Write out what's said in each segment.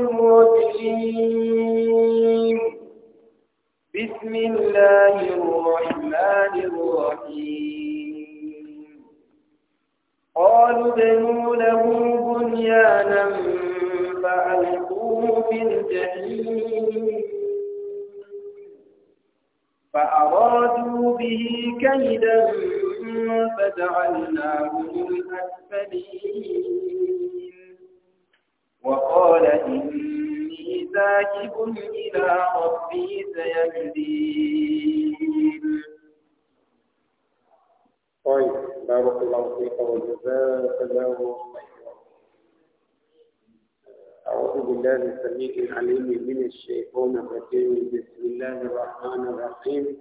الرجيم بسم الله الرحمن الرحيم قالوا ابنوا له بنيانا فألقوه في الجحيم فأرادوا به كيدا فجعلناهم الأسفلين وقال إني ذاهب إلى ربي سيهدين طيب بارك الله فيك وجزاك الله خيرا أعوذ بالله السميع العليم من الشيطان الرجيم بسم الله الرحمن الرحيم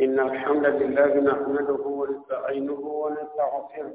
إن الحمد لله نحمده ونستعينه ونستغفره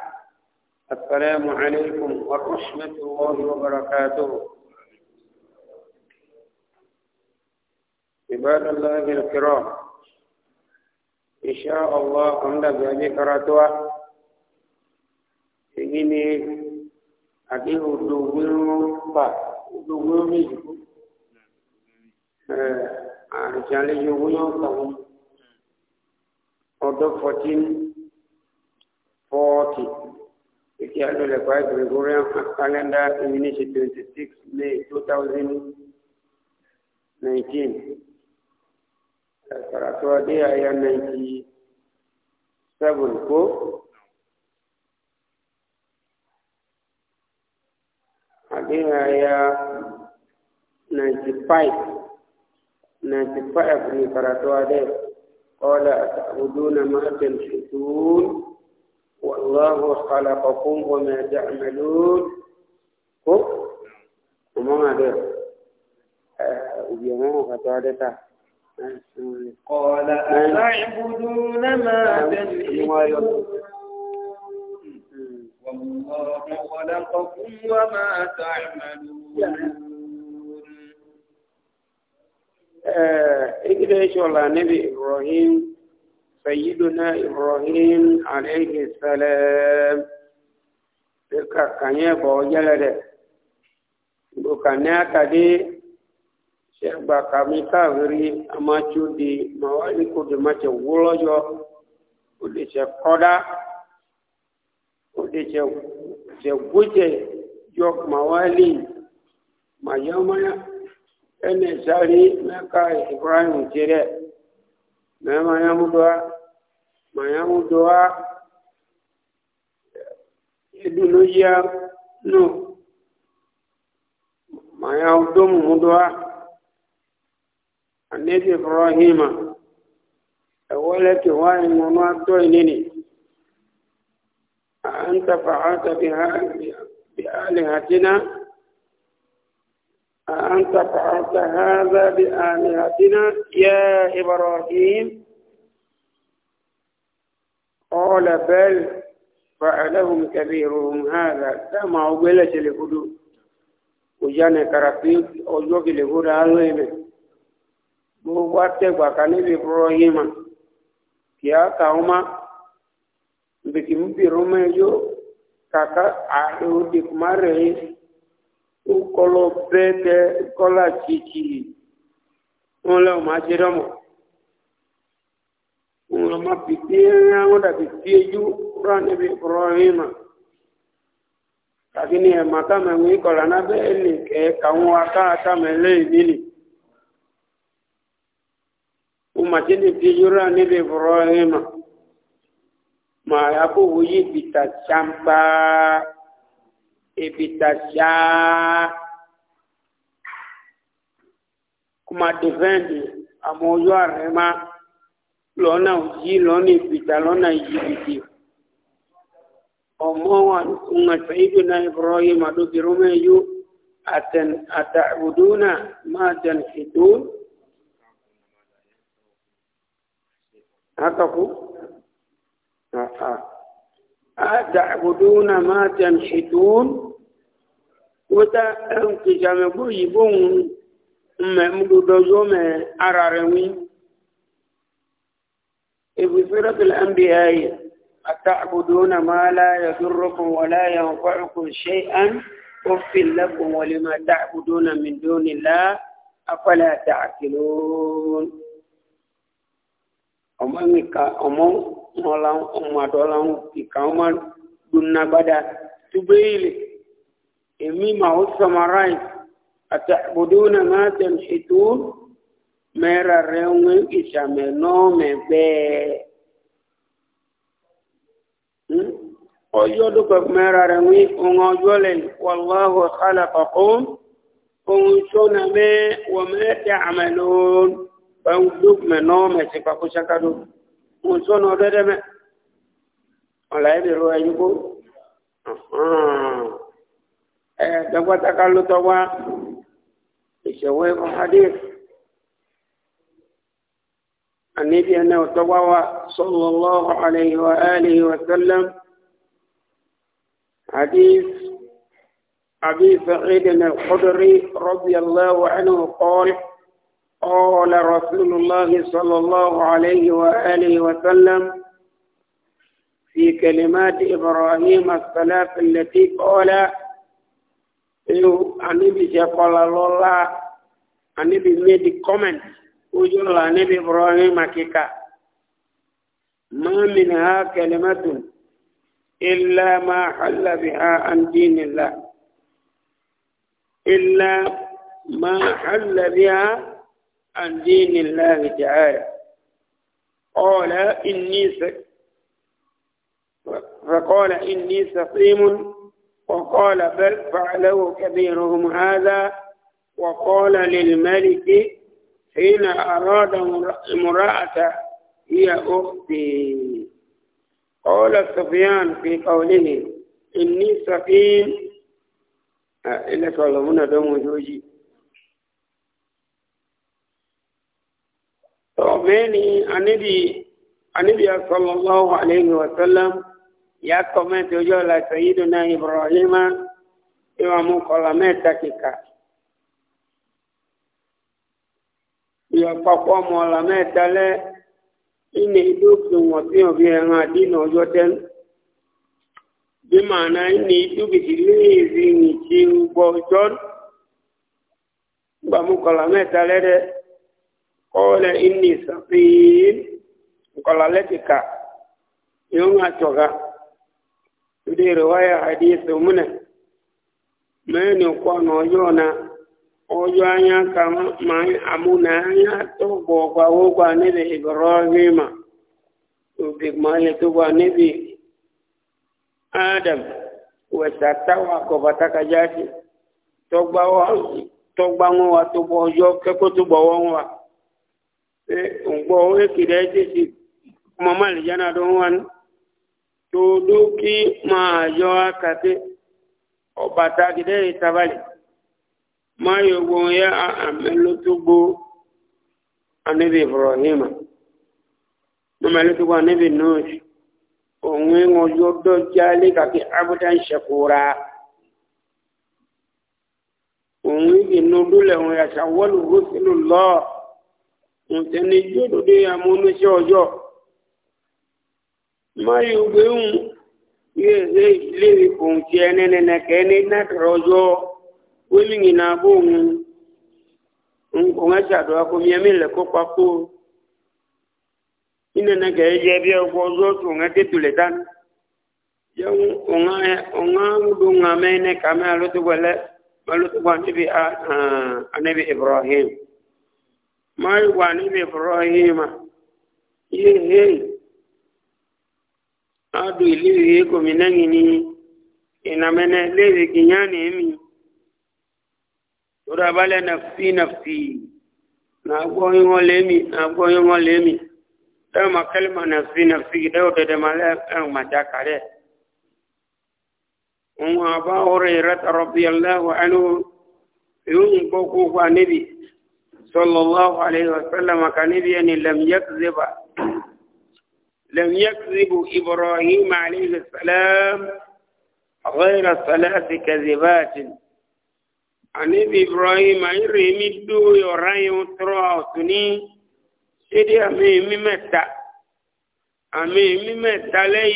السلام عليكم ورحمة الله وبركاته عباد الله الكرام إن شاء الله عند ذلك كراتوا إني أديه دوغيرو فا دوغيرو ميجو àrùjálẹ̀ yòówó yóò tàwọn ọdọ́ 1440 Iti ando le kwa Gregorian calendar English 26 May 2019. Karatu hadi aya 97 ko hadi aya 95 95 ni karatu hadi قال أتعبدون ما تنحتون والله خلقكم وما تعملون كم وما هذا وبيومه فتوالتا قال أتعبدون ما تنحبون والله خلقكم وما تعملون إذا إن شاء نبي إبراهيم سيدنا إبراهيم عليه السلام تلك كان بوجلده بكنا كدي شيخ باكامي كافري أما تشودي موالي كود ما تقولوا ودي شكودا ودي شكوجي جوك موالي ما يومنا أنا ساري ما إبراهيم جريء na mayamu doa mayamu doa ideologia no mayamu domu mudoa annabi ibrahima awalati wani mono atoi nini anta fa'alta biha bi alihatina أنت فعلت هذا بآلهتنا يا إبراهيم قال بل فعلهم كبيرهم هذا كما عقلت لهدو وجانا كرافيك أجوك لهدى علوين بوقت وكان إبراهيم يا كاوما بكم برومجو كاكا أعلو ديكما رئيس ukọlọ bẹtẹ kọla tsitsi wọn lẹ wọn adi dọmọ wọn lọ ma fi pia wọn dàbí pia ju kura níbi kọrọ yín ma kàkínní ẹ̀ màkà mẹ́wìn kọ̀là nábẹ́ ẹnì kẹ́ kàwọn akáàkà mẹ́lẹ́ ìdílé wọn ma ti ní pia ju kura níbi kọrọ yín ma màá yà kó wòye bìtà tsàmpáà ebitasha kuma defendi amoyo arema lona uji lona ibita lona ijibiti omowa nukunga saiduna ibrahim adobirumeyu atan atabuduna ma tanhitun hataku ah, ah. أتعبدون ما تنحتون وتا أنك جامبو يبون ممدو دوزوم أراروين في سورة الأنبياء أتعبدون ما لا يضركم ولا ينفعكم شيئا أف لكم ولما تعبدون من دون الله أفلا تعقلون ọmọ nìka ọmọ ọlọ́run ọmọ àdọ́lọ́run ìka ọmọ dunnagbada tubéèlè èmi màá sọmaráì àtàkùdúnà máa tẹ̀lé ètò mẹ́ra rẹ̀ ń ìṣàmẹ̀ náà mẹ́gbẹ́ẹ́ hmm? ọjọ́ dúpẹ́ mẹ́ra rẹ̀ ń ọmọ ọjọ́ lẹ́yìn wàláhùn kálàkọ̀kọ́ ohun tó nà mẹ́ wọ́n mẹ́ta àmàlóòrùn ẹ̀hún dókùmẹ̀ náà mẹ̀sí pàkó ṣákádó mo sọ́nà ọ̀dẹ́dẹ́ mẹ́ ọ̀là ẹ̀dẹ̀rọ ẹ̀yìn kó ẹ̀ẹ́dẹ́gbàtàkà ló tọ́ wá ìṣẹ̀wọ́ ẹ̀kọ́ hadé ẹ̀nà ọ̀tọ́ wá wa sọ́lọ́lọ́hùn àlẹ́yìn wa ẹ̀lẹ́yìn wa sẹ́lẹ̀m حديث أبي سعيد الخدري رضي الله عنه قال قال رسول الله صلى الله عليه وآله وسلم في كلمات إبراهيم الثلاث التي قال النبي قال الله النبي made comment وجل النبي إبراهيم كيكا ما منها كلمة إلا ما حل بها عن دين الله إلا ما حل بها عن دين الله تعالى قال إني فقال إني سقيم وقال بل فعله كبيرهم هذا وقال للملك حين أراد امرأة هي أختي قال سفيان في قوله إني سقيم آه، إلا قال هنا دم جوجي tobeni anibi anibi sallallahu alaihi wasallam ya comment ojo la sayyiduna ibrahima iwa mu kola meta kika ya papo mo la meta le ini duki ngoti obi nga dino ojo ten bimana ini duki dilizi ni chiu bojon ba mu kola meta kọ́ọ̀lẹ̀ ìní sàfihàn nkọ́lá lẹ́tìkà yóò ń àtọ̀gá ìdí ìrìwáyà àdíyẹsẹ̀ múnẹ̀ mẹ́rin kọ́nà ọjọ́ náà ọjọ́ anya ka máa àmúnà anya tó gbọ̀gbà wọ́gbà níbi ìbọ̀rọ̀ rímà òbí mọ́lẹ̀ tó adam wẹ̀sàtàwà kọ̀bàtàkàjáde ngbo e kide je si mama le jana do wan to do ki ma yo akate obata kide itabali ma yo go ya amelo tubo anabi ibrahima mama le tubo anabi nuh òun ń ọjọ́ dọ́jà lékàkí abudan ṣekúra òun ìgbìnú dúlẹ̀ òun yàtọ̀ wọ́lù rúfin lọ́ọ̀ ntẹni jódòdó amúnisẹ́ ọjọ́ máyì ògbéhùn yóò ṣe ilé ìfòhùn tí ẹni nẹnẹkẹ ní nàkàrà ọjọ́ wílìngì náà bóun nǹkan ẹ̀ṣẹ̀ àdó akomi ẹ̀mí lẹ́kọ́ pakó nínẹnẹkẹ yẹ bí ọgbọ́ ọjọ́ tó ń tètè lẹ̀ dání yẹn ọ̀nà ọ̀nà mẹ́nẹkà mẹ́ alótógbọ̀lẹ́ alótógbọ̀ anabi ibrahim máa wà níbi ìfọ̀rọ̀ yìí mà yìí hẹ́ẹ̀ adu ìlú yìí kò mí lẹ́yìn ní ìnàmẹ́nẹ́ léèrè kìíyàn ní na tó dábàlẹ̀ nàfí na nàgbọ́ yín wọ́n lémi nàgbọ́ yín wọ́n lémi dáhùn makẹ́lẹ́mà nàfí nàfí dáhùn dẹ̀dẹ̀ màlẹ́ ẹ̀hùn màjáka rẹ̀. wọn àbá ọrẹ rẹ tọrọ bí aláwọ ẹnu yóò ń gbọ́ kó wà صلى الله عليه وسلم كان يبين لم يكذب لم يكذب إبراهيم عليه السلام غير ثلاث كذبات أن إبراهيم يرهم الدو يرهي وطرع وطني إذا أمي ممتع أمي ممتع لي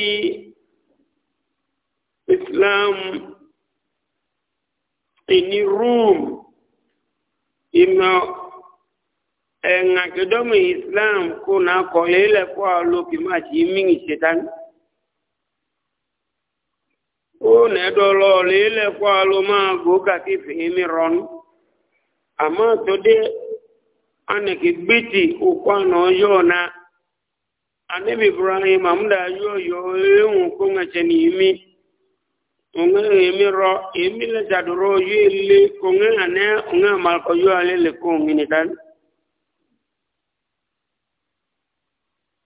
إسلام إني روم إنه ẹ̀ǹà kìdọ́mù islam kò náà kọ̀lé lẹ́kọ́ olókè máa ti mìíràn ṣetán ó nẹ́dọ̀lọ́ lẹ́lẹ́kọ́ ló máa gòókà kí fèémì rọ́nù àmọ́ tó dé anẹ̀kì gbìtì òkú àná yóò na anabi ibrahim e ní e rọ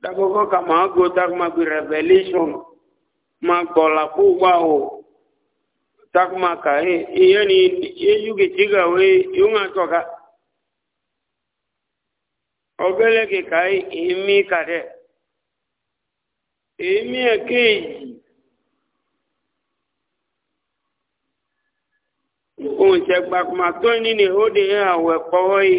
dakoko kama ago takuma gbi revelation ma gbɔla kó wa o takuma ka e iye e, ni eyu kìtì ka o eyu ŋa tɔ ka ɔgɛlɛ e, kìka yi emi ka dɛ emi yɛ e kéèyì òun tɛ gbàkuma tó ní ni ó de awɛ kpɔwɔ yi.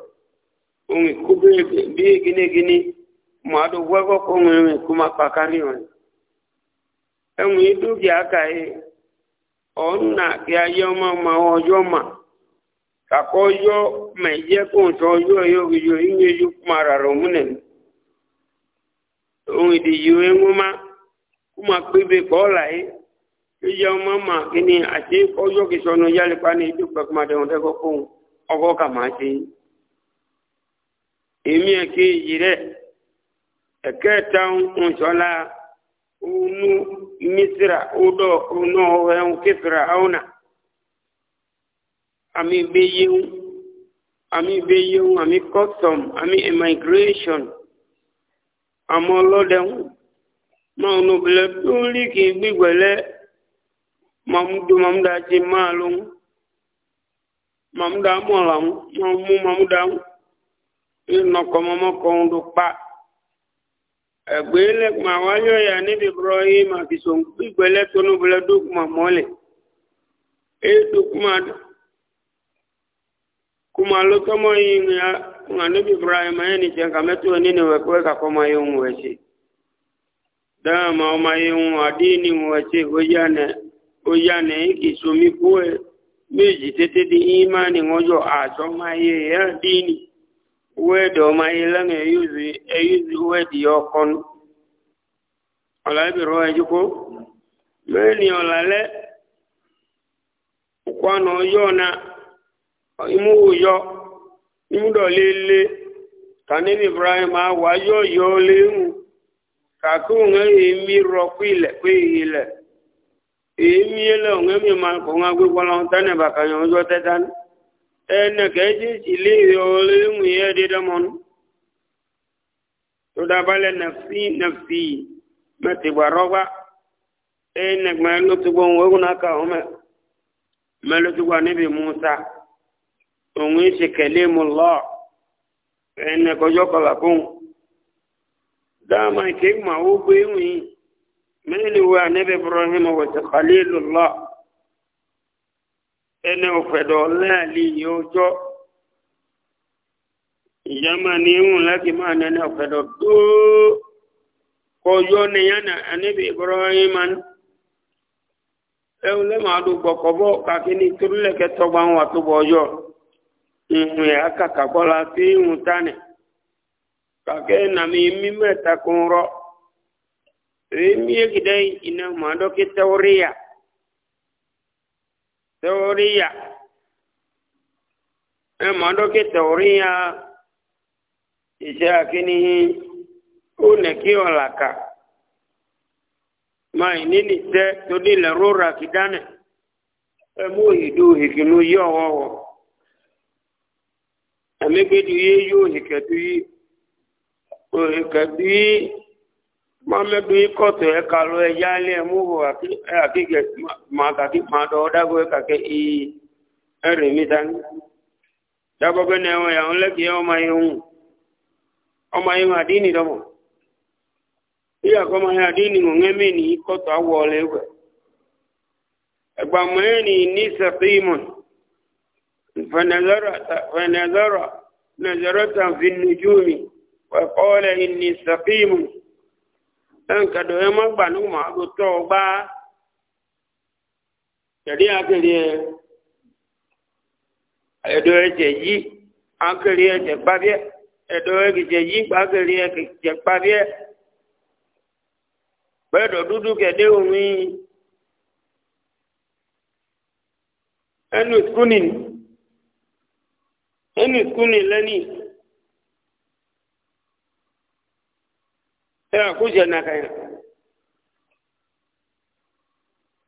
onwe kubere bie gịnị gini ọ gwego ka onwe onwe kuma kpakari enwe idu gị aka ị ọnna gị ayọ ma ma ọjọ ka kakọ ọjọ ma ije ka ụtọ ọjọ ya inye ju marara onwe dị yi enwuma kpebe ka ọla ị ije ọma ma gịnị achị ọjọ gị sọnụ yalikwa na idu kpekuma dị ọkụkọ ọgọ ka ma achị èmi ẹ̀kẹ́ yìí rẹ̀ ẹ̀kẹ́ta ń sọ́lá onú mísírà ọdọ̀ ọ̀nà ẹ̀hún kéfìrà ọ̀nà àmì ìgbéyéhùn àmì ìgbéyéhùn àmì àmì emigration àmọ́ ọlọ́dẹ̀hún máa ń tó ń mamudu mamuda ti máa lóhun mamuda mú mamuda inọkọmọmọkọ ń dúpa ẹgbẹ́ lẹ́gbọ̀n àwáyọ̀ yà ya bọ́rọ̀ yìí mà fi sọ gbígbẹ́lẹ́ tó ní bọ́lẹ́ dókùmọ̀ mọ́lẹ̀ èyí dókùmọ̀ kùmọ̀ níbi nínú ń ọmọ ń ní somi kú ẹ méjì tètè di ìmá ni wọ́n yọ àjọ máa yẹ dín ní. word ọmọ ilẹ́nu ẹ̀yúzi ẹ̀yúzi word yọ kọ́nu ọ̀là ìbẹ̀rù ẹ̀jú kó mẹ́ni ọ̀là imu yọ imu dọ̀lé lé kanini ibrahim awọ ayọ yọ léwu kàkó ń èmi rọ kó ilẹ̀ kó ilẹ̀ èmi lẹ̀ ń èmi máa kó ń agbégbọ́n de ẹnà kẹjì ilé ìrọ̀lẹ́mù yẹ dídámọ́nú tó dábálẹ̀ nàfí nàfí mẹ́tìgbàrọ́gbá ẹnà mẹ́lótúgbọ́ ogun aka ọmọ mẹ́lótúgbà níbi musa òun ṣe kẹlé mu lọ ẹnà kọjọ́ kọlàkún dáàmà ìkéèkùmà ó gbé wìn mẹ́lẹ̀wà níbi ibrahim wọ̀tí khalilullah ẹni òfẹ̀dọ̀ láàlì yóò jọ́ ìyá máa ní ìhùn láti máa nẹni ọ̀fẹ́dọ̀ tó kọjọ́ ní yánà àníbì ìgbọ́rọ̀yìn máa ń ẹ̀hùn lẹ́màá ló gbọ̀kọ̀bọ̀ kàkí ní torúlẹ̀kẹ́ tọgbà wọn tó bọ̀ọ́jọ́ ìhùn ẹ̀ tẹ̀wọ́ríyà ẹ máa dọ́kẹ́ tẹ̀wọ́ríyà iṣẹ́ akíní ó nẹ̀kí ọ̀làkà máa ní ní tẹ́ tó nílẹ̀ rórà kí dánẹ̀ ẹ mú ìdú ìkìlú yí ọ̀wọ́wọ́ ẹ̀mẹ́gbẹ́dù yé yóò ìkẹ́dù yí òhìkẹ́dù yí mamedu ikoto ekalo ejali emugo akike e makaki mado dago e kake i erimitan dago gene o ya onle ki o mayun o mayun adini domo iya ko mayun adini ngeme ni ikoto awole we egba meni ni saqimun fanazara fanazara nazaratan fi nujumi wa qala inni saqimun ẹnkẹdọ ẹ mọ gbà nígbà máa ló tọ ọ gbá tẹlẹ akele ẹ ẹdọ ẹsẹ yí akele ẹsẹ pàdé ẹdọ ẹsẹ yí akele ẹsẹ pàdé bẹẹdọ dúdú kẹdẹ omi ẹnu skuni ẹnu skuni lẹni. ẹ̀rọ kó jẹ́ náà kàyà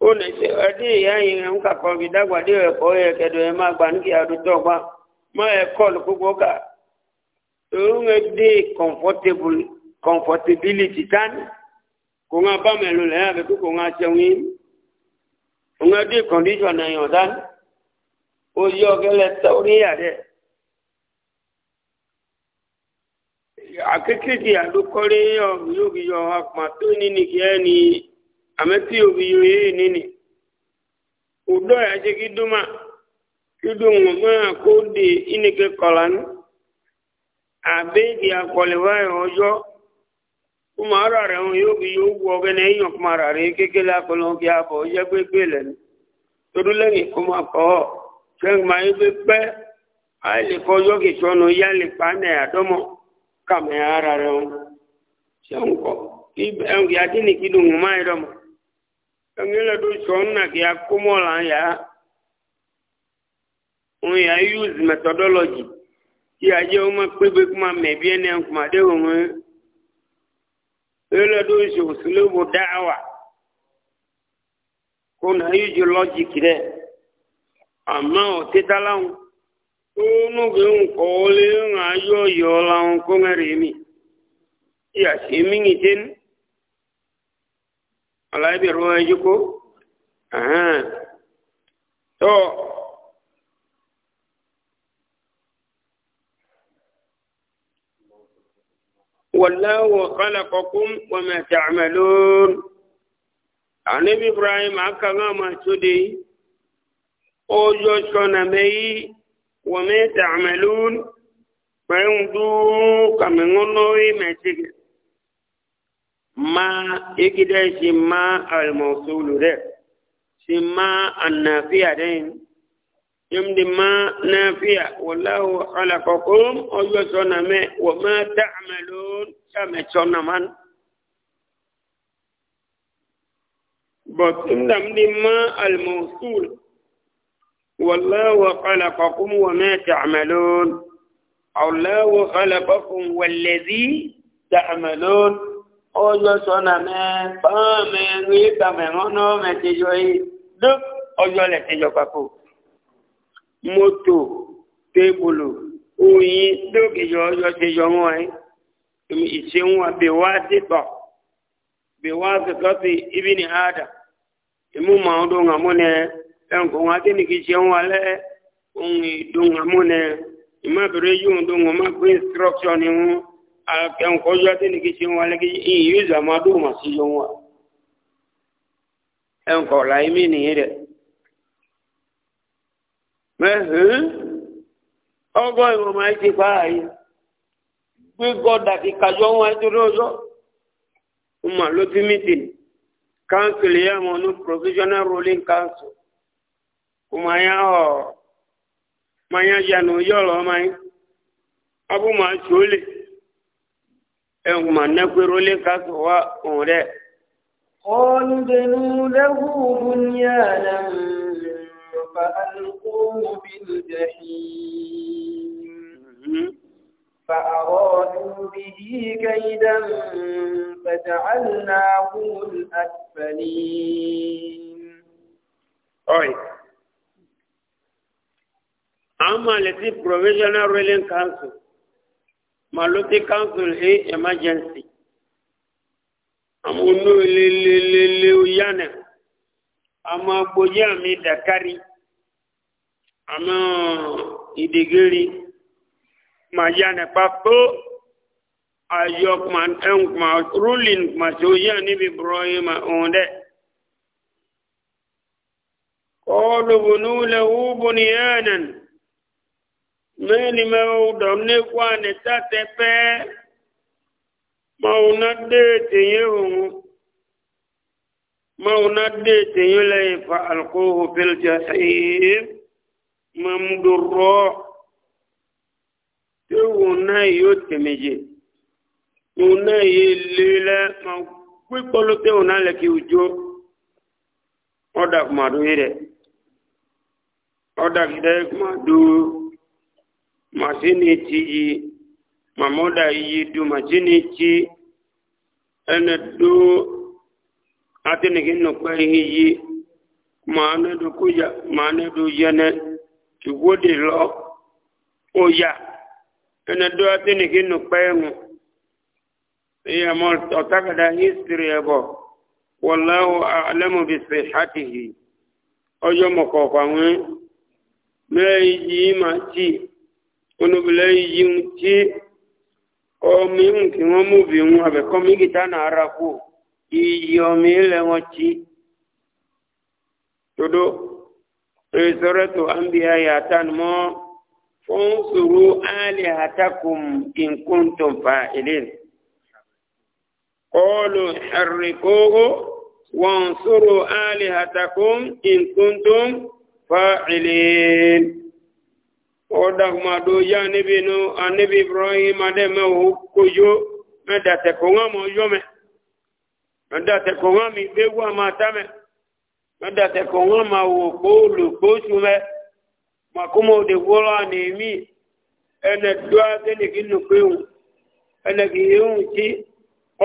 ó lè ṣe ẹdí ìyá yìí ń kàkọ́ bí dágbàdé ẹ̀kọ́ ẹ̀kẹ́dọ̀ ẹ̀ máa gbà ní kí adúgbò má ẹ̀ kọ́ọ̀lù gbogbo kà òun ẹ̀ dé comfortable comfortability tani kò ń bá mẹ́lò lẹ́yìn àbẹ̀kú kò ń ṣẹun yìí òun ẹ̀ dé condition ẹ̀yàn tani ó yọ ọ̀gẹ́lẹ̀ tó níyà dẹ́. akékèké àdókọ́ré yóògìyọ apá tó níní kí ẹ ní àmẹ́tí ògìyọ yìí níní ọdọ ẹ̀ ṣe kí dúmà kí dùnmù na kó de ìnìkẹ́ kọ̀lá ní àbẹ́ẹ̀dì àkọlẹ̀wá ẹ̀ ọjọ́ kó máa rà rẹ̀ wọn yóògìyọ owó ọgẹ́ ní ẹ̀yàn kó máa rà rẹ̀ kékeré akọlọ́n kí abọ̀ ọjọ́ gbégbé lẹ́nu torí lẹ́yìn kó máa kọ́ ọ sẹ́yìn máa yẹ ya kàmì ara rẹ̀ wọn ṣé ń kọ́ kí àti ní kí dùn máa yẹ dọ́mọ ẹni lẹ́dọ̀ sọ ń nà kí a kó mọ́ là ń yá wọn yà use methodology kí a jẹ́ pépé kó mẹ̀bí ẹni kó nà use tónú gbé nǹkan lé ń ayọ́ yọ láwọn kó mẹ́rin mi ìyà sí míyìn tí ní aláìbẹ̀rọ ẹjú kó tọ́ wàláwò kálàkọ̀kún wàmẹ̀ tààmàlóòn àníbí ibrahim akàgán àmà tó dé ó yọ sọ́nà وما تعملون فيمدوك من غنوي ما تجد ما إكدا شما الموصول ده شما النافية ده يمدي ما نافية والله خلقكم أجوزنا ما وما تعملون كما شنا من بطن دم ما الموصول والله خلقكم وما تعملون الله خلقكم والذي تعملون ọjọ́ sọ́nà mẹ́ fáàmì rí kàmẹ̀rán náà mẹ́tẹjọ́ yìí dúk ọjọ́ lẹ́tẹjọ́ papọ̀ mọ́tò tébùlù oyin dúk ìjọ ọjọ́ tẹjọ́ wọn ẹ́ ìṣẹ́hun àbẹ̀wá dìtọ̀ bẹ̀wá kẹ́kọ́ sí ibi ní àádà ìmú màá dùn àmúnẹ́ ẹnkọ wọn adé ní kí jẹun alẹ ohun ìdóhùn amúnẹ ìmọ̀bìrì yóò dóhùn ọmọ ma instruction ni wọn ẹnkọ yóò adé ní kí jẹun alẹ kí ìyí yóò zàmú adóhùn ọgọ ìwọ̀n máa ti pa àyè gbé gọdà kí kájọ wọn ẹjọ lọjọ wọn ló fi provisional ruling council. umanya ọ manya janu yọlọ mai abu ma chole en ma na kwero ka so wa ore qalu dinu lahu bunyanan fa alquhu bil jahim فأرادوا به كيدا فجعلناه الأسفلين ama le provisional ruling council maloti council e emergency amunu lelelele yana ama gboji ami dakari ama idegeri ma yana papo ayok man eh, ruling ma so yani bi broye ma onde قالوا بنوا له بنيانا mẹ́ni mẹ́wọ́ dọ̀m ní kwa ní tàtẹ́ pẹ́ mọ́wọ́ ná dé tèyé òun mọ́wọ́ ná dé tèyé lẹ́yìn fa alukóhó pẹ́lẹ́tì ẹ̀yẹ mọ́múdúrọ́ tí òun náà yóò tẹ̀mẹ̀jẹ̀ òun náà yé lélẹ́ mọ́ pípọ́lọ́ tí òun náà lẹ́kì òjò ọ̀dà kùmàdó yìí rẹ̀ ọ̀dà kìdá kùmàdó masini ti yi mamoda yi du masini ti ene du atiniki nukpe yi yi maane du kuya maane du yene tugodi lɔ oya ene du atiniki nukpe ŋu iya mo ɔtakada history ɛbɔ wallahu alamu bi sihatihi ɔjɔ mɔkɔkɔ ŋu mɛ yi ma ti. onobìnrin yìí tí ọmọ ìhùn kí wọ́n mú bí wọn àbẹ̀kọ́ mígìtá náà ara kú iyì ọmọ ilẹ̀ wọn tí todo rẹsọrẹtọ àǹbíyá yàtá ni mọ́ fún sòrò àlè àtàkùn ìkóńtọ̀n fa ilé kọlù ẹ̀rẹ̀kọ́wọ́ wọn sòrò àlè àtàkùn ìkóńtọ̀n fa ilé odagmado ya nebi no anebi ibrahim ademe okoyo medate konga mo yome medate konga mi bewu amatame medate konga ma wo kolu kosume makumo de wola nemi ene dua kene kinu pewu ene kiyun e ti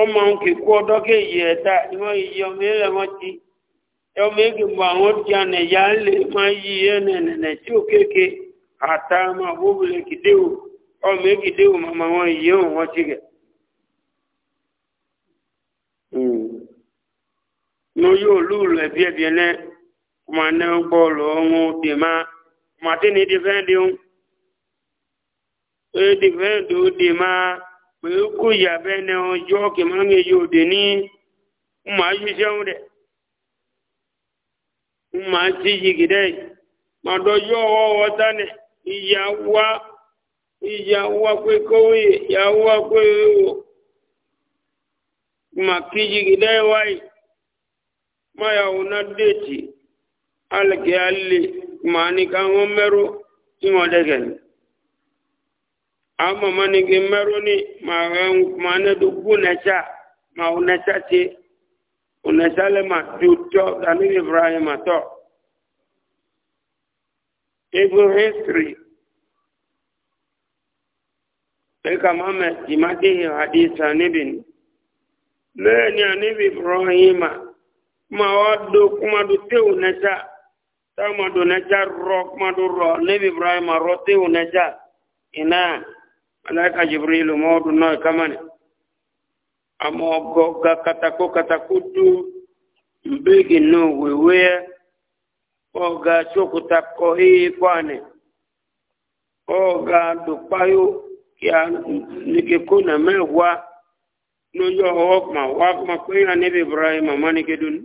ọmọ ń kì kú ọdọ́ kéèyì ẹ̀ta ni wọ́n yí ọmọ ilẹ̀ wọn ti ọmọ èkìmọ̀ àwọn ti ànẹ̀yà lè máa yí ẹnẹ̀nẹ̀ tí ó kéèkéè àtàmà bóbulẹ̀ kìdéwò ọmọ èkìdéwò màmá wọn yíò wọn ti rẹ̀. Hmm. mo yóò lùlù ẹ̀bí ẹ̀bí ẹ̀ náà kùmà náà bọ́ọ̀lù ọ̀hún dè má kùmà tí ni dìfẹ́ǹdì ń pé dìfẹ́ǹdì ó dè má pé kú ìyàbẹ́ náà ọjọ́ kìmá yóò dè ní kùmà yìí sẹ́wọ̀n dẹ̀ kùmà tí yìí gidẹ́ yìí màdọ́ yóò wọ́ wọ́ta náà ìyàwó ìyàwó pé kówé ìyàwó pé màkìjì gidẹ́ wáyé máyàwó náà déètì alẹ́kẹ́ alẹ́ màá ní ká wọ́n mẹ́rú tí wọ́n dẹ́gẹ̀ ní. àmọ́ màá ní kí mẹ́rú ní màá ní dùgbù nẹ́sà màá nẹ́sà ti nẹ́sà lẹ́ màá tó tọ́ dání ibrahim tọ́ table history eka mama imadihi hadisi anibin lẹ́ẹ̀ni anibi ibrahima ma wá do kumadu tewu nẹja tamadu nẹja rọ kumadu rọ anibi ibrahima rọ tewu nẹja ina alaika jibrilu mọdu náà kamani amọ gọ ga katako katako du mbegi náà oga chokuta ko hii kwane oga dupayo ya nikikuna mewa noyo hokma wakma kwina nibi ibrahim amani kedun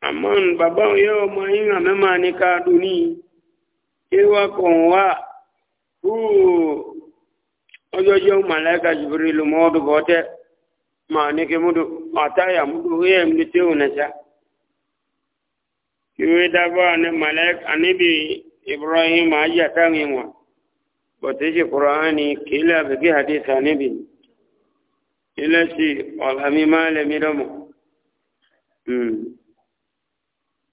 aman baba yeo mainga memani ka duni ewa konwa hu ojojo ma jibril modu gote manike mudu ataya mudu yem niteu nasa iwe daba ne malek anibi ibrahim ayya tanginwa bote shi qur'ani kila bigi hadith anibi ila shi alhami male midomo mm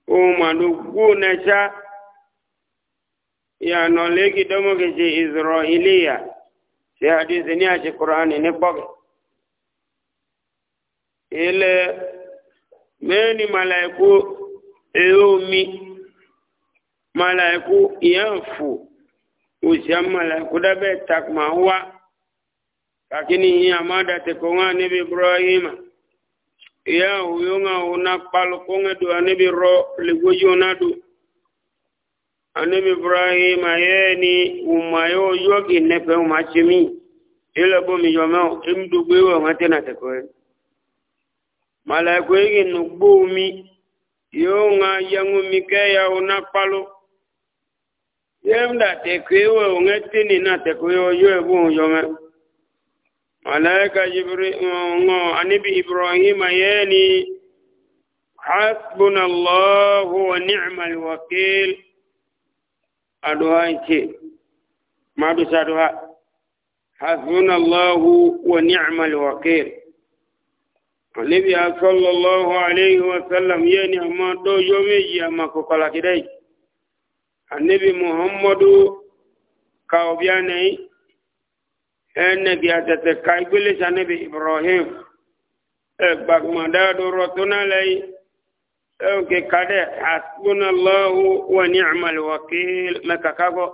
o manu gune cha ya no legi domo ke shi israiliya shi hadith ni a shi qur'ani ne boge ile meni malaiku èrò omi màláìkú ìyànfò òṣìṣẹ́ màláìkú dábẹ́ takùmá wá kàkíní yìí tekonga tẹ̀kọ̀ wọn níbi ibrahim ìyá òyò wọn ò ná kpalùkù wọn dùn níbi rọ ibrahim ayé ni ọmọ yóò yọ̀gì nẹ́fẹ̀ ọmọ àti mi ilẹ̀ bọ́mi yọmọ ẹ̀mdùgbé wọn tẹ̀ nà tẹ̀kọ̀ yóò ŋa yaŋu mi kɛ yawo na kpalo yɛm da tɛkue wɛ o ŋa tini na tɛkue o yɔɛ bo o yɔmɛ malaika jibiri ŋɔ anibi ibrahima yɛni hasbuna allahu wa ni'mal wakil aduha ce madu saduha hasbuna allahu wa ni'mal wakil níbi asọ́lọ́lọ́hùn aléyìn wasallam yé ni a máa dọ́jọ́ méjì a máa kọ̀kọ́ làkìdẹ́ yìí anibi muhammadu kaobianai ẹnẹbi àtẹ̀tẹ̀ ka ìgbélésì anibi ibrahim ẹgbàgbọ́dá dọ̀rọ̀ tó náà lẹ́yìn ẹnkẹ kadẹ asúnàlọ́hùn wà ní àmàlẹ́wàkí mẹ́kàkágọ́.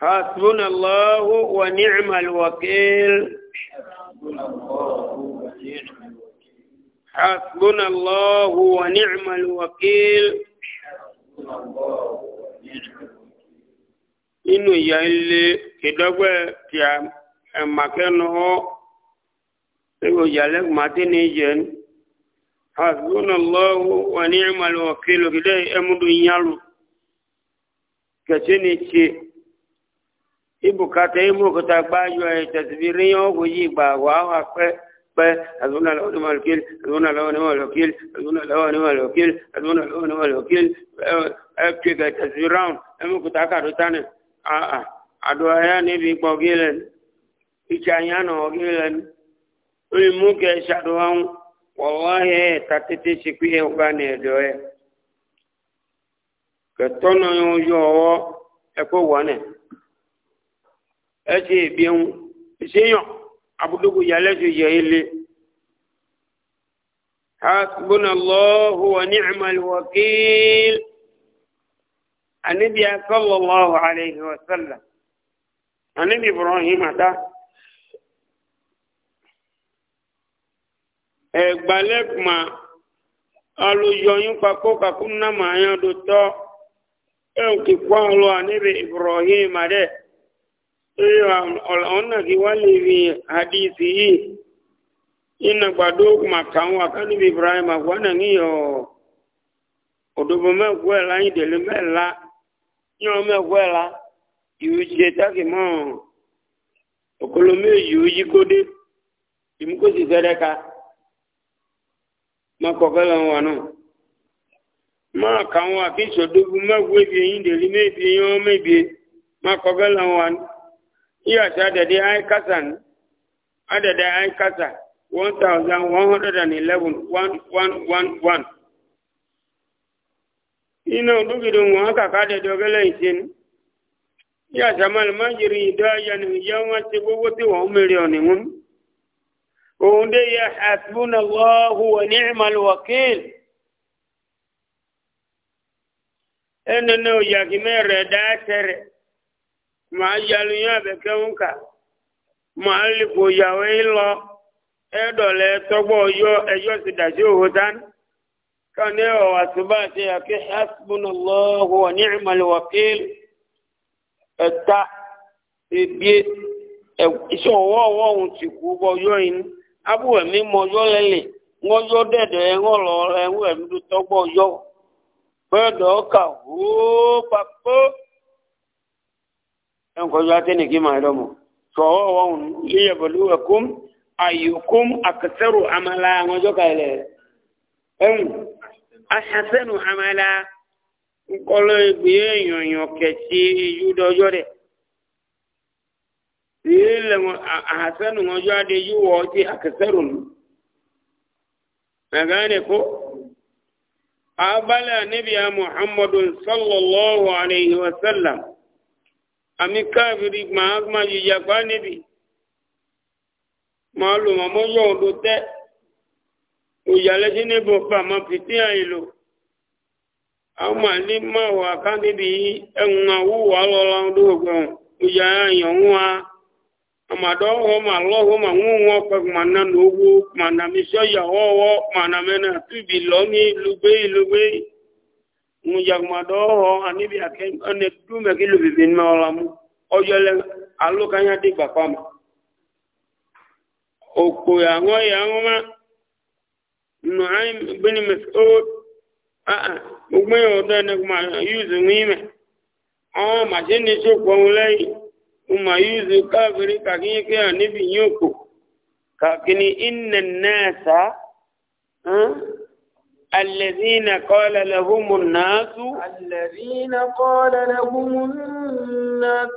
حسبنا الله ونعم الوكيل حسبنا الله ونعم الوكيل inu ya ile kedogbe ti a makenu ho ego yale mate ni jen hasbunallahu wa ni'mal wakeel ibùkátà imúkúta gbáyọ ìtẹ̀sìbírí yóò kò yí ìgbà wàhálà pẹ́ pẹ́ àdúnà lọ́wọ́ ní malokil àdúnà lọ́wọ́ ní malokil àdúnà lọ́wọ́ ní malokil àdúnà lọ́wọ́ ní malokil ẹ kí ẹ tẹ̀sìbí ráùn imúkúta kàdó tánì àdúrà yá níbi ipò gílẹ̀ ìtsà yá nà ọ̀ gílẹ̀ ní mú kẹ ṣàdúrà ń wọ́wọ́ yẹ ta tètè ṣìkú yẹ wọ́n bá ní ẹ̀dọ́ yẹ kẹtọ́nà ẹsẹ ìbíẹun ìṣẹyàn àbúdókò yàlẹsẹ yẹ ilé hasbuna allahu wa ni'mal wakil anibi sallallahu alayhi wa sallam anibi ibrahim ada ẹgbàlẹkùnmá alùyọyún pakó kakúnnàmà ayọdún tọ ẹ kí kwan lọ anibi ibrahim adẹ. ọ̀nà kí wá lè rí àdísì yìí iná gbàdó màkàwọn àkánibí ibrahim àgbọ́nà ní ọ̀dọ́bọ̀ mẹ́gbọ́ ẹ̀lá ìdẹ̀lẹ̀ mẹ́la yíò mẹ́gbọ́ ẹ̀lá ìwé ṣe tákì mọ́ ọ̀kọ́lọ méjì ó yí kódé ìmúkó sì fẹ́rẹ́ ka mọ́kọ̀ọ́kọ́ lọ wà náà máa kàwọn àkíṣọ̀dọ́bọ̀ mẹ́gbọ́ ẹ̀bí ẹ̀yìn ìdẹ̀lẹ̀ mẹ́bí ẹ̀yìn ọmọ ẹ̀bí mọ́kọ̀ọ́kọ́ lọ wà náà iya sha da dai ai kasan adada ai kasa 1111 ina dugidin wa aka kada dogala isin ya jamal majiri da yan yawa ce gogo ti wa miliyon mun ohun dai ya hasbuna allah wa ni'mal wakil no ya rẹ dáa tẹrẹ màá yalu yín àbẹ̀kẹ́ ń ma màá lè fò yín lọ ẹ̀dọ̀lẹ̀ tọ́gbọ́ ọyọ ẹ̀yọ́ sì dàjú òwò dání. كان واتبات يكي حسبنا الله ونعم الوكيل التا بي iṣẹ́ ọwọ́ ọwọ́ òun ti kú bọjọ́ yìí abúwẹ̀ mi mọjọ́ lẹ́lẹ̀ mọjọ́ dẹ̀dẹ̀ ẹ̀wọ̀n lọ ẹ̀wọ̀n ọkà hóó ẹnkọjọ́ atẹ́nì kí kum lọ́mọ sọ̀wọ́ wọn léyẹ̀bọ̀lúwẹ̀ kún àyùkún àkẹsẹ̀rù àmàlà àwọn ọjọ́ kàílẹ̀ ẹ̀hùn aṣàṣẹ́nu àmàlà nkọlọ ìgbé èèyàn kẹ̀sí ìyúdọjọ́ rẹ̀ ilẹ̀ ti ko abala nabiya Muhammadu sallallahu wa sallam. àmì káàfìrí màágbà yìyàgbá níbi màá lò màmọ́ yọ̀ ọ̀dọ̀ tẹ́ òyàlẹ́sí níbọ̀ pa àmọ́ fìtí àìlò àwọn àlè máa wà ká níbi ẹ̀hún àwòwà lọ́la ọdún ọgbọ̀n òyà àyàn wa àmàdọ́ ọ̀họ́ mà lọ́wọ́ mà ń wọ́n pẹ̀lú màná lówó màná lọ́ ní yìí. mu jaguma ọhụrụ anibi ake ɔne dume kilo bibi ma ɔla mu ɔdzɔ lɛ alo kanya di okpo ya yaŋɔ ma nu anyi bini mesood aa gbogbo yɛ ne ma yuzu yuzu anibi ka الذين قال لهم الناس الذين قال لهم الناس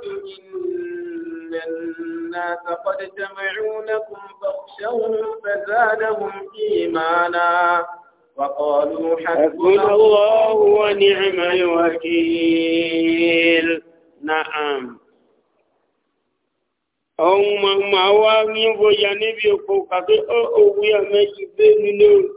إن الناس قد جمعوا لكم فاخشوهم فزادهم إيمانا وقالوا حسبنا الله ونعم الوكيل نعم أو ما ما هو من بيان بيكو كذا أو ويا ما يبين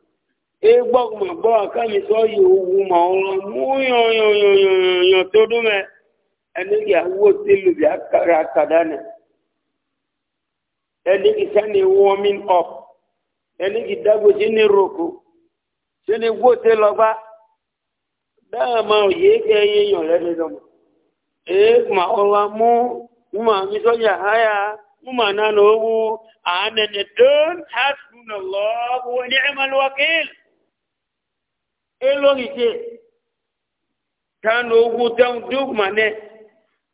egbọ́gbọ̀n gbọ́ àkáyè sọ yìí owó mà ọ̀rọ̀ mú yànyànyànyàn tó dún mẹ́ ẹni kì àwọ̀ tí lùbí àkàrà àkàdá ẹni warming up ẹni ní roko lẹ́nu mà mú mà háyà mú mà owó don't have to know elogike ka na ogwu dugmane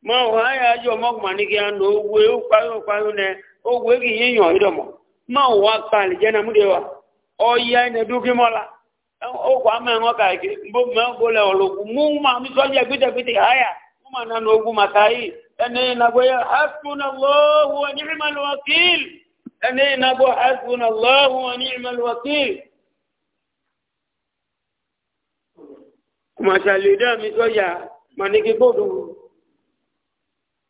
ma ọha ya ajọ mọgmani gị na ogwu ụkpahụ ụkpahụ na ogwu gị ihe nyọ ịdọmọ ma ụwa kpali jena mụ dewa ọya na dugi mọla okwu ama ya ka ike mbọ mẹ́wọ́n bọ́lẹ̀ ọlọ́gwu mú ma mi sọ jẹ gbẹdẹgbẹdẹ haya mú ma na ogwu maka yìí ẹni ìnagbọ́ yẹ hasbunallahu wa ni'mal wakil ẹni ìnagbọ́ hasbunallahu wa ni'mal wakil màṣàlódé mi sọ́yà màníkì gbòdò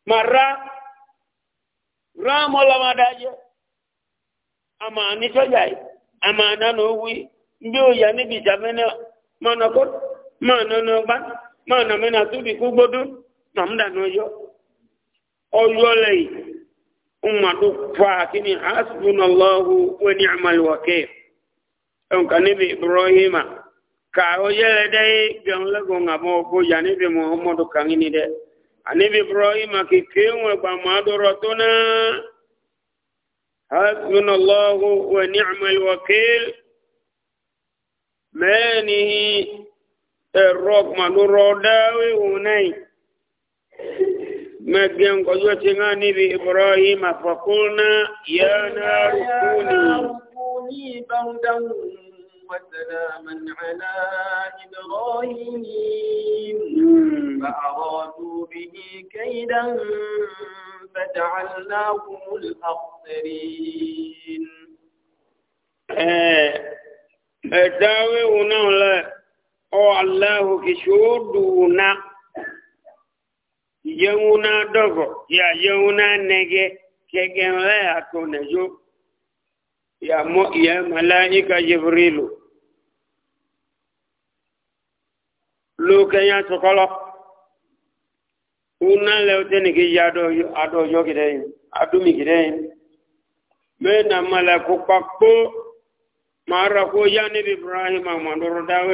màrá ráàmù ọlọ́mọdájẹ́ àmà ní sọ́yà yìí àmà àdánù owó bí ó yà níbi ìjàmẹ́nà mọ́nàkó mọ́nàmọ́nà gbá mọ́nàmọ́nà tóbi kú gbódò màmúdànù ọyọ́ ọyọ́ lẹ́yìn ummadu faakini hasbunallahu wa ni'mal wakeel ibrahima ah. ka o yɛlɛ dɛ ye gɛn la gɔn ka mɔ ko yanni bɛ muhammadu kan ni dɛ ani bɛ ibrahima k'i kéwɔn gba maa dɔrɔ to na hasbunallahu wa ni'mal wakil mɛ e ni ɛrɔ kuma dɔrɔ dawe o na ye mɛ gɛn kɔjɔ ti ŋa ni bɛ ibrahima fakulna ya naaru kuni. وسلاما على إبراهيم فأرادوا به كيدا فجعلناهم الأخسرين eh, ẹ̀dáwé wùnà lẹ ọ aláhù ìṣòdù wùnà ìyẹwùnà dọ̀gọ̀ yà yẹwùnà nẹgẹ kẹgẹ lẹ àtọ̀nẹ̀yọ́ ya mo ya malaika jibrilu lo kenya sokolo una le oteni ki ya do ado yo gideyin adu mi gideyin me na malaku pakpo mara ko ya ni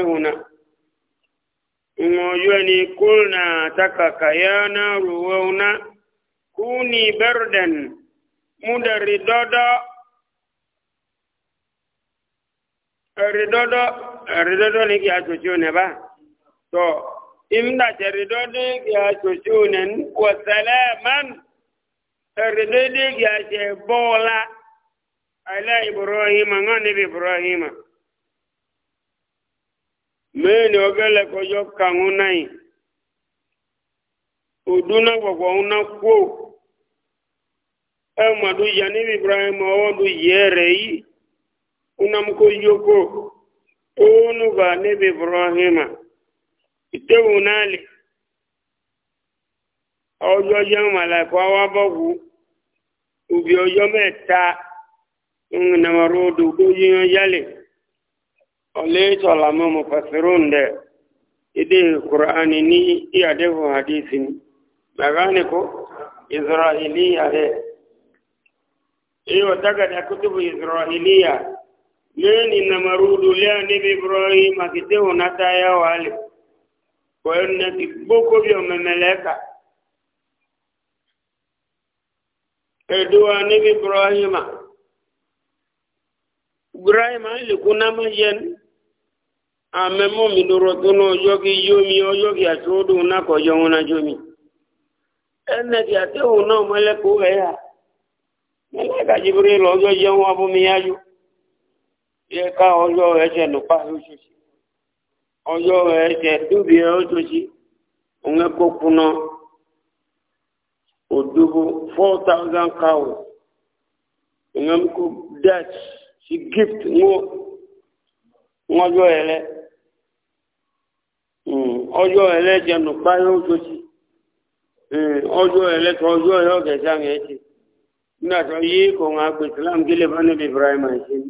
una ngoyo ni kulna takaka ya na ruwa una kuni bardan mudari dodo ridodo ridodo ni ki achochu ne ba to imda che ridodo ki achochu ne wa salaman ridodo ki ache bola ala ibrahim ngani bi ibrahim meni ogele ko yo kangunai uduna gogo una ko e madu yani ibrahim odu du Yerei. unam ko yoko onu ba nebe ibrahima ite unali ojo yama la kwa wabogu ubi ojo meta na marudu uji yale olecho la mumu fasirunde ide qur'ani ni ya devu hadithi ni magane ko israiliya de iyo taga da kutubu israiliya nani namarudu lea nibi ibrahim akiteho nataya wale kwa hiyo na kiboko vya umemeleka edua nibi ibrahima ibrahima alikuna majen amemo midorotunu ojoki yomi ojoki atudu unakojonguna jomi eneki ateho unaomeleka uheya meleka jibril ojo jengwa bumiyaju yẹ ká ọjọ́ ẹ̀ṣẹ̀ lùpá lóṣooṣì ọjọ́ ẹ̀ṣẹ̀ tóbi ẹ̀ lóṣooṣì òun ẹ̀kọ́ kuná òdòbó four thousand cow òun ẹ̀kọ́ dutch sí gift wọn ọjọ́ ẹ̀lẹ́ hmm. ọjọ́ ẹ̀lẹ́ṣẹ̀ lùpá lóṣooṣì ọjọ́ ẹ̀lẹ́ṣẹ̀ ọjọ́ ẹ̀yọ́ kẹsàn-án ẹ̀ ṣe nígbà tó yí kò ń agbèsílámù kílẹ̀ fún ẹ̀bí ibrahim ẹ̀ ṣe ni.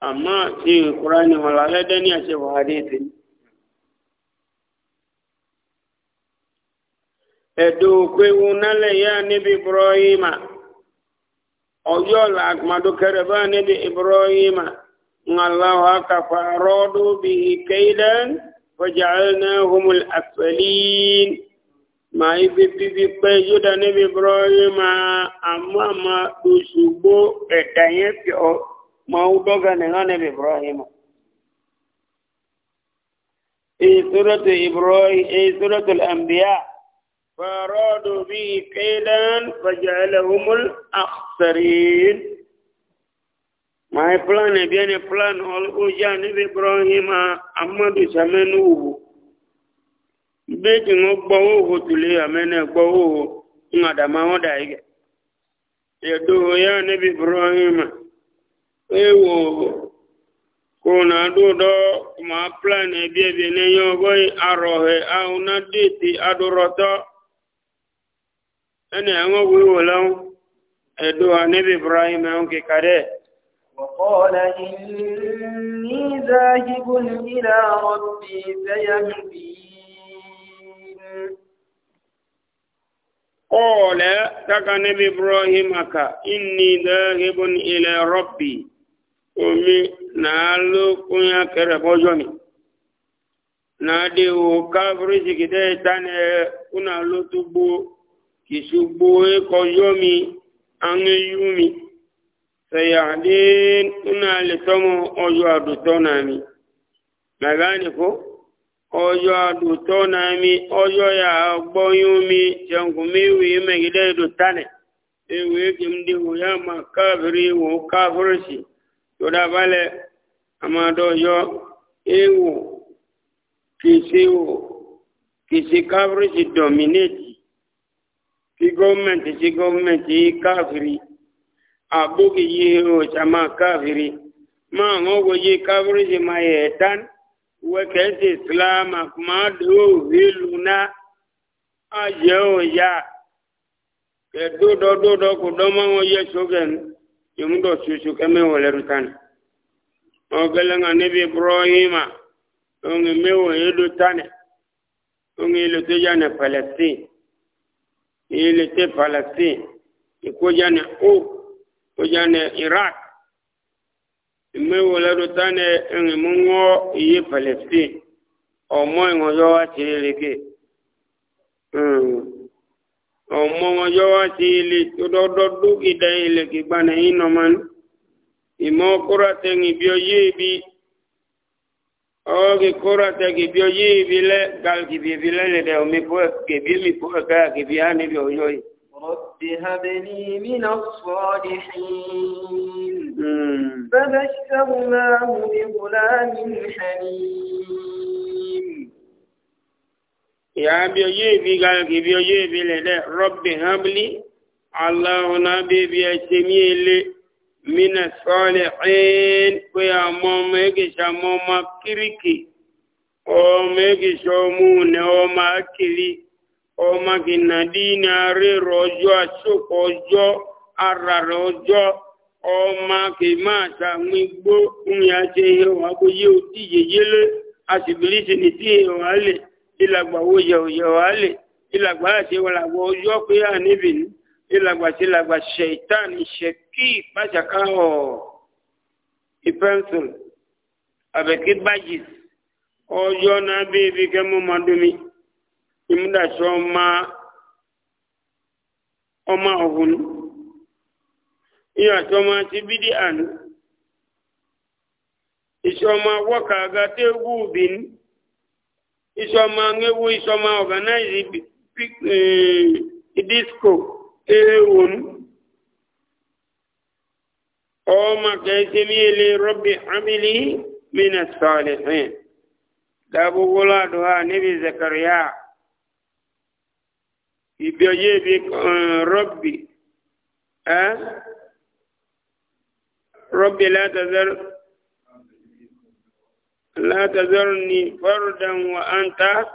amma shi Qur'ani walalai dan ya ce hadisi edo kwe unale ya nabi Ibrahima oyo la akmadu karaba nabi Ibrahima ngallahu haka faradu bi kaidan waja'alnahum al-asfalin ma ibi bibi pe yuda nabi Ibrahima amma ma dusugbo edayen pio ma udoga neno nabi ibrahim في سورة إبراهيم في سورة الأنبياء فأرادوا به فجعلهم الأخسرين my plan e bien plan ol uja ni ibrahim amadu samenu be ti ngo gbo wo tule amene gbo wo ngada ma oda ige e ya ni ibrahim ewo ko na do do ma plan e bi bi ne yo go aro a una diti adoroto ene ngo wi wo e do anabi ibrahim on ke kare وقال إني ذاهب إلى omi náà ló kún yá kẹrẹ na mi náà dé o káfírísì kìtẹ́ ìtànà kúnà tó gbó kìsùgbó ẹkọjọ́ mi àwọn eyú mi sẹ̀yà dé kúnà lè tọ́mọ ọjọ́ àdùtọ́ náà mi màgáni kó ọjọ́ ya náà mi ọjọ́ yà yọ̀dá balẹ̀ àmàdọ̀ yọ éwò kìsí wò kìsí káfírísì dọ̀mínétì kí gọ́ọ̀mẹ̀ntì sí gọ́ọ̀mẹ̀ntì káfírí àbókì yìí òṣàmà káfírí máa ń wọ́n yé káfírísì máa yẹ̀ tán wẹ́kẹ̀ẹ́sì islam àkùmádó ìlú náà ayé òyà kẹ̀dódọ́dọ́dọ́ kò dọ́mọ́ wọn yẹ sókè nù. يمدو سوسو كما ولركان وقال نبي إبراهيم أن ميو يدو تاني أن يلتو جانا فلسطين يلتو فلسطين يكو جانا أو يكو جانا إيراك mmewo le ɖo ta ne eŋemuŋɔ yi palestine ọmọ ìwọ̀n yọ wá ṣe é leke ọmọ wọn yọ wá sí ilé tó dọ́dọ́dọ́ ìdá ilẹ̀ kígbà nẹ̀yìn nọmọ ní ìmọ̀ kóra tẹ̀yìn bí ọyé ibi ọ́ọ́kì kóra tẹ̀yìn bí ọyé ibi lẹ́ gàlùkìbì ibi lẹ́lẹ̀dẹ̀ omi kó kèbí mi kó ẹ̀ka kèbí á níbi ọyọ yìí. رب هب لي من الصالحين فبشرناه بغلام حليم ya bi oye bi gal ki bi oye bi le de rabbi habli allah na bi bi asemi ele mina salihin ko ya mo me ki sha mo ma kiriki o me ki sho mu ne o ma kiri o ma ki na dina re rojo asoko ojo ara rojo o ma ki ma sa mi gbo un ya se wa ko ye o ti yeye le asibirisi ni ti e wa le ìlàgbà wo yẹ̀wòyẹ̀ wá lè ìlàgbà àti ìwàlàgbà ọjọ́ pé à níbì ní ìlàgbà tí ìlàgbà ṣe ìtàn ìṣe kí ìpàṣàkà ọ̀ ìpẹ́ńsìl àbẹ̀kí bájì ọjọ́ náà bí ibi kẹ́mú máa domi ìmúdàṣọ ọmọ ọmọ ọ̀hún ìyàtọ̀ ọmọ ti bídí àná ìṣọmọ wọ́kà àgàtẹ́gùn bìíní ìṣọmọ ẹwọ ìṣọmọ organize eh, disco ewonu eh, ọmọ kẹsẹ mi ele rọbì amílí mina sọọlẹ fún dábòbò ládùn á níbi zakaria ibi ọjọ ibi rọbì ẹ rọbì látàzẹrẹ. لا تذرني فردا وأنت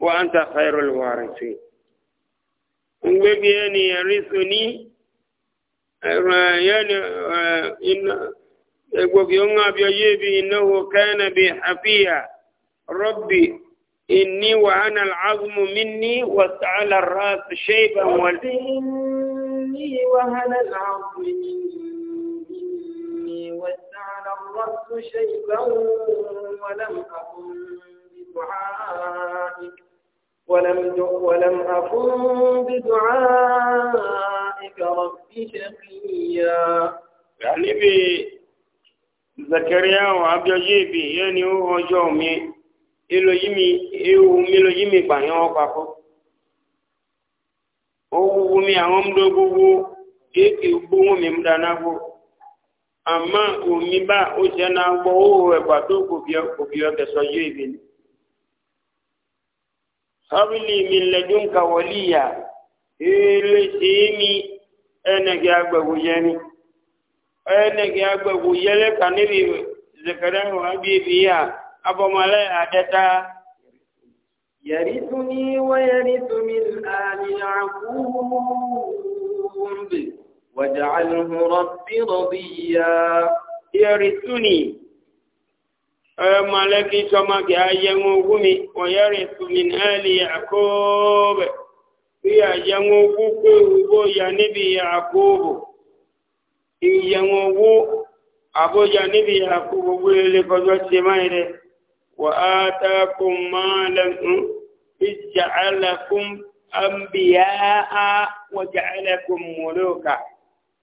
وأنت خير الوارثين يعني يرثني يعني آه، إن يقول إنه كان بحفيا ربي إني وأنا العظم مني واستعل الرأس شيبا وإني إني وهنا العظم مني أردت شيئا ولم أكن بدعائك ولم ولم أكن بدعائك رب شقيا يعني بي Zakaria wa abio yebi yani o ojo mi elo yimi ewu mi lo yimi gba yan papo o wu mi àwọn mdo gugu e ke gbo mi mdana gugu àmọ́ omi bá ó ṣe náà gbọ́ owó ẹ̀bà tó kòfì ọkẹ̀ sọ yóò ibi ni. sábìlì mi lẹ́dún ka wọlé ilé ṣe é mi ẹnẹgẹ agbẹ̀wò yẹ ni ẹnẹgẹ agbẹ̀wò yẹ lẹ́ka níbi zẹkẹrẹ wọn bí ibi yà abọ́mọlẹ́ àdẹ́ta. يرثني ويرث من آل يعقوب واجعله ربي رضيا يرثني ملكي سمك أيموكمي ويرث من آل يعقوب يا يموكوكو يا نبي يعقوب يموكو أبو يا نبي يعقوب ولي فضلت مايري وآتاكم مالا إذ جعلكم أنبياء وجعلكم ملوكا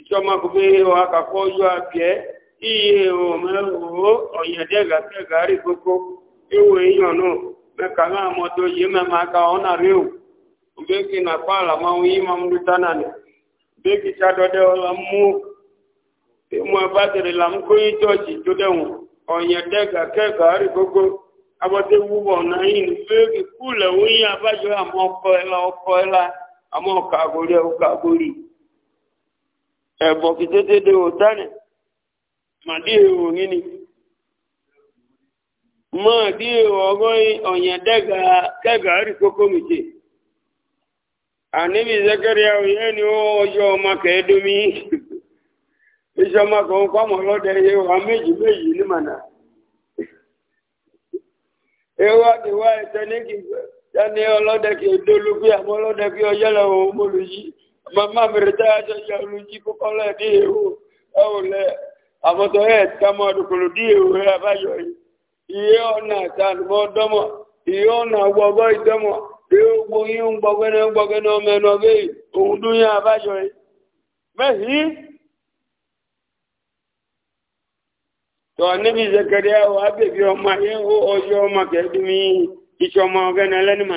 ìṣọ́mọ́ kò pé wà kàkọ́ yọ àbẹ́ iye ohun mẹ́wòó ọ̀yẹ̀dẹ́gà kẹgàárì gbogbo ewu èèyàn náà mẹ́ka náà mọ́tò yìí mẹ́ma ka ọ̀nà rí o bẹ́ẹ̀kì nà pààlà máa máa ń náà ni sádọ́dẹ́ mú là ń kó yí jọ́ọ̀jì tó dẹ̀wọ̀n ọ̀yẹ̀dẹ́gà kẹgàárì gbogbo abọ́tẹ́ wúwọ̀ náà yìí ni bẹ́ẹ̀kì ẹ̀bọ̀ kì tètè de òtánì màdí èrò níní máa dí èrò ọgọ́ ọ̀yẹ̀dẹ́gà kẹgà rí kókó mìtì àníbi zẹkẹrìà òye ni ó ọjọ́ ọmọ kẹẹ̀dómi iṣẹ́ ọmọ kan kọ́mọ lọ́dẹ yẹ wà méjì méjì ní mànà ewu àdìwá ẹ̀tẹ́ ní kìí sani ọlọ́dẹ kìí dolú bí àmọ́ ọlọ́dẹ kìí ọjọ́ lẹ́wọ̀n ó mọ̀lú yìí. mama mẹrẹta aṣọṣọ olùjí kókọ lẹ ní èwo ẹ ò lẹ àmọtọ ẹ tamọ àdókòlò dí èwo ẹ na yìí ihe ọ̀nà àtàlùmọ́ ọ iye ọ̀nà gbọgbọ́ ìdọ́mọ iye gbogbo yín ń gbọgbẹ́nà gbọgbẹ́nà ọmọ ẹnu òun níbi ọmọ yẹn ọmọ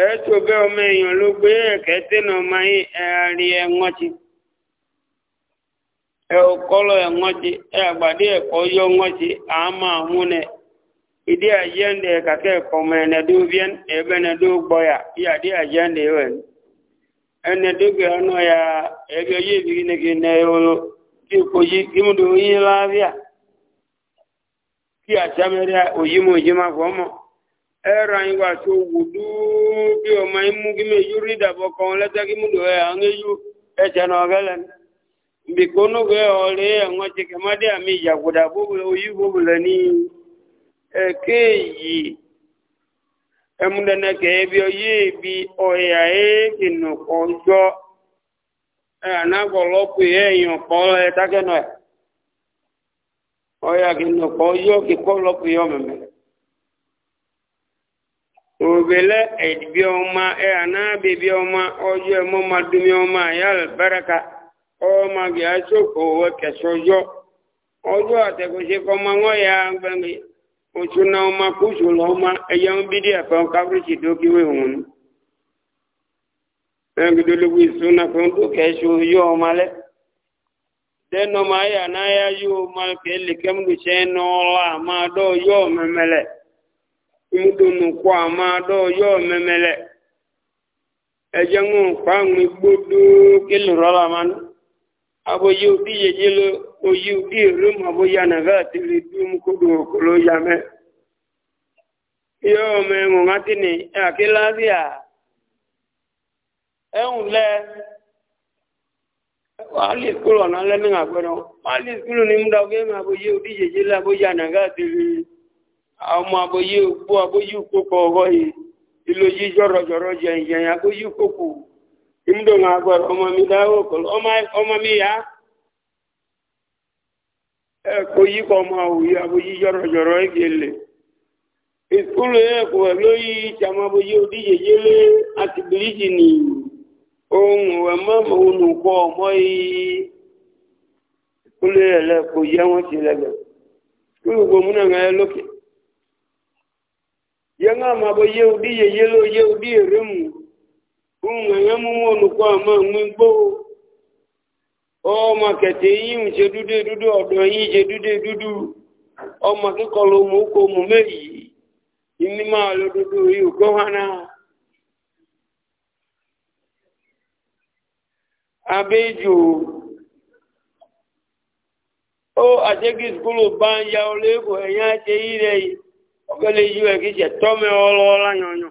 ẹ̀ẹ́tòbẹ́ ọmọ èèyàn ló gbé ẹ̀kẹ́ tẹ́nà ọmọ yìí ẹ̀rí ẹ̀wọ́n ti ẹ̀ọ́kọ́lọ̀ ẹ̀wọ́n ti ẹ̀gbàdé ẹ̀kọ́ yọ wọ́n ti àmà àmúnẹ̀ ìdí àjẹ́ǹdẹ̀ kàkẹ́ ẹ̀kọ́ ọmọ ẹ̀nẹ́dó bíẹ́n ẹ̀bẹ́nẹ́dó gbọ́yà ìyàdí àjẹ́ǹdẹ̀ rẹ̀ ẹ̀nẹ́dó gbẹ̀ọ́nà ya ẹ̀bí ọyẹ́ ìbíkínẹ́kí nẹ́ẹ̀rọ kí kò ẹ̀rọ àyìnwá tó wò dúró bí ọmọ imú kí mi yú rí dàbọ̀ kan lẹ́tẹ́ kí mú lò ẹ̀ àwọn eyú ẹ̀jẹ̀ náà gẹ́lẹ́ ní bìkó nógbé ọ̀rẹ́ ẹ̀wọ̀n ti kẹ̀mọ́dé àmì ìyàgòdà bóbulẹ̀ oyú bóbulẹ̀ ní ẹ̀kẹ́ yìí ọyẹ́ ọ̀yà ẹ̀ ẹ̀ lọ́pù obele ebioma e ana bebioma ọjọ emọmadumioma yal baraka ọma gị achọpụ owe kesa ọjọ ọjọ ategosi kọma nwa ya gbemi otu na ọma kwusu ụlọ ọma eya mgbidi efe kabrichi dokiwe nwụnụ egidologbu isu na fọntụ kesa ọjọ ọmalị denọma ya na ya yi ọmalị ka elekemgbuche n'ụlọ ma dọọ yọọ memele ŋuɖonu kɔ ame aɖewo yɔ meme le edze ŋu kpaŋui gbodo kele rɔla ma nu abo yi wòdi yedze le oyi wòdi rim abo ya nava tili dum kodo kolo yame yɔ me ŋu ŋati ne ake la via eŋu lɛ wali sukulu ɔna lɛ ne ŋa gbɛdɔ wali sukulu ni mu dɔ ke ma abo yi wòdi yedze le abo ya nava tili. ọmọ aboyé gbó aboyé ìkókò ọwọ́ yìí ìlòyí jọ̀rọ̀jọ̀rọ̀ jẹ ìjẹyàn aboyé ìkókò ìmúdòmọ̀ agbọ̀rọ̀ ọmọ mi dáwọ́ kọ̀lọ̀ ọmọ mi yá ẹ̀kọ́ e, yìí kọ́ ọmọ òye aboyé jọ̀rọ̀jọ̀rọ̀ ìgbélé ìkúlù ẹ̀kọ́ lóyí àti bìrìjì ohun ọmọ yìí ìkúlù ti kúlù lókè. yẹn ama bụ ye di yẹ yelo yewu di yẹ e remu ohun ẹ̀yẹ́ mímú olùkọ́ àmọ́ ọma gbó ọmọ kẹtẹ yi ń ṣe dúdú dúdú ọ̀dọ̀ yìí ṣe dúdú dúdú ọmọ kíkọ ló mú kó mú méyì ìní dúdú yìí kó hánà. abéjò ó àṣegí o ọkẹlẹ yíu ẹ kìí ṣe tọmẹ ọlọlá yọnyọ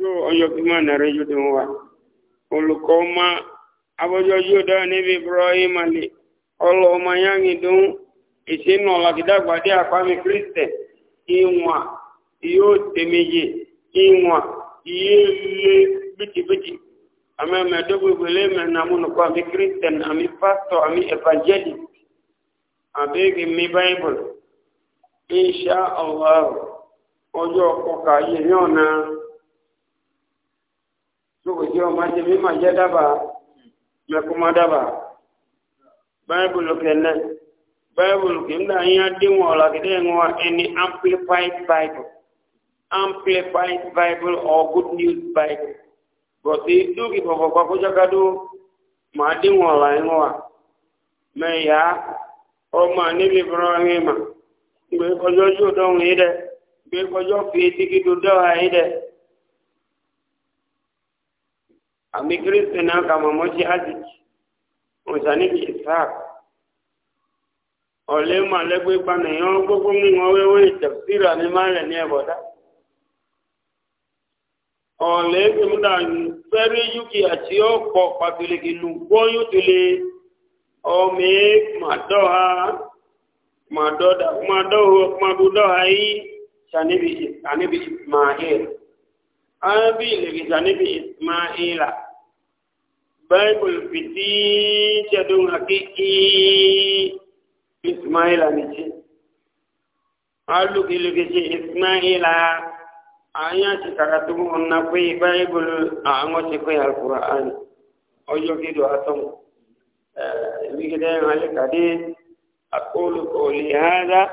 yóò ọyọ kí má nàrẹ yóò dùn wá olùkọ má abọjọ yóò dá níbi ibrahim ali ọlọmọ yanni dùn ìṣínà làkìdàgbàdì àpamì kristẹ ìwà yóò tẹmẹyẹ ìwà yéèlé bìtìbìtì àmì ẹmẹdọgbẹgbẹlẹ mẹnamúnukọ àmì kristẹ àmì pásítọ àmì evangelist àbẹ́gẹ̀mí bible. insha allah ọjọ́ ọkà yìí ní ọ̀nà sókè tí ọmọ jẹ mímọ̀ jẹ dábàá máa dábàá báyìbùlù kẹ́lẹ́ báyìbùlù kẹ́lẹ́ yín adéwọ̀n ọ̀làkẹ́dẹ́ wọn ẹni amplified bible amplified bible or good news bible bọ̀tí dúkì bọ̀bọ̀bọ̀ màá ọmọ níbi gbe kọjọ́ yóò dọ́hùn yìí dẹ gbé kọjọ́ fi etí tó dọ́hà yìí dẹ. àmì na náà kà mọ̀ mọ́tí àdìjì òsàní kì í sáàk. ọ̀lẹ́ màlẹ́gbẹ́ panìyàn gbogbo mú wọn wéwé ìtẹ̀síra ní ní ẹ̀bọ̀dá. gbọ́ ha. Ma mabudoha yi sanibi ismail abi legi sanibi ismaila bible fiti cedung hakiki ismaila ni ci alu legi ci ismaila aya ci karatu onna kwe bible a ngo ci kwe alquran ojo kido atom eh mi gede ngale kadis أقول قولي هذا